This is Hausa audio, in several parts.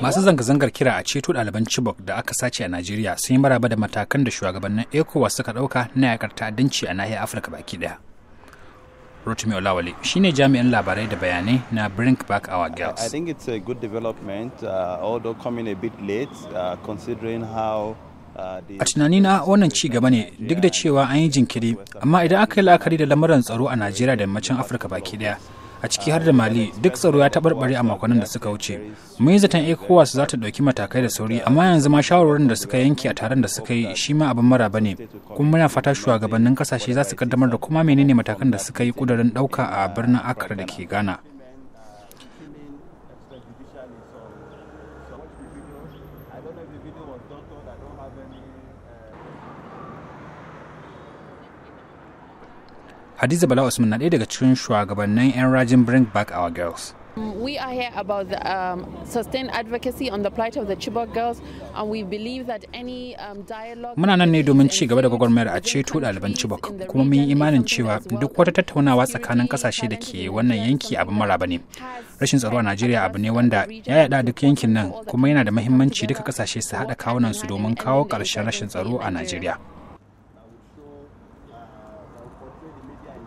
Masu zanga-zangar kira a ceto ɗaliban Chibok da aka sace a Najeriya sun yi maraba da matakan da shugabannin ECOWAS suka ɗauka na yakar ta'addanci a nahiyar Afirka baki ɗaya. Rotimi Olawale shine jami'in labarai da bayanai na Bring Back Our Girls. I think it's a good development, uh, although coming a bit late, uh, considering how a tunani na wannan ci gaba ne duk da cewa an yi jinkiri amma idan aka yi la'akari da lamuran tsaro a najeriya da yammacin afirka baki daya a ciki har da mali duk tsaro ya taɓarɓare a makonnin da suka wuce mun yi zaton ecowas za ta ɗauki matakai da sauri amma yanzu ma shawarwarin da suka yanke a taron da suka yi shi ma abin maraba ne kuma muna fata shugabannin kasashe za su kaddamar da kuma menene matakan da suka yi kudurin ɗauka a birnin akara da ke ghana Hadiza Bala Usman na ɗaya daga cikin shugabannin 'yan rajin Bring Back Our Girls. Mm, we are here about the um, sustained advocacy on the plight of the Chibok girls and we believe that any um, dialogue Muna nan ne domin ci gaba da gwagwarmayar a ceto ɗaliban Chibok kuma mun yi imanin cewa duk wata tattaunawa tsakanin kasashe da ke wannan yanki abin maraba ne. Rashin tsaro a Najeriya abu ne wanda ya yada duk yankin nan kuma yana da muhimmanci duka kasashe su haɗa kawunan su domin kawo ƙarshen rashin tsaro a Najeriya.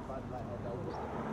发出来，我再问一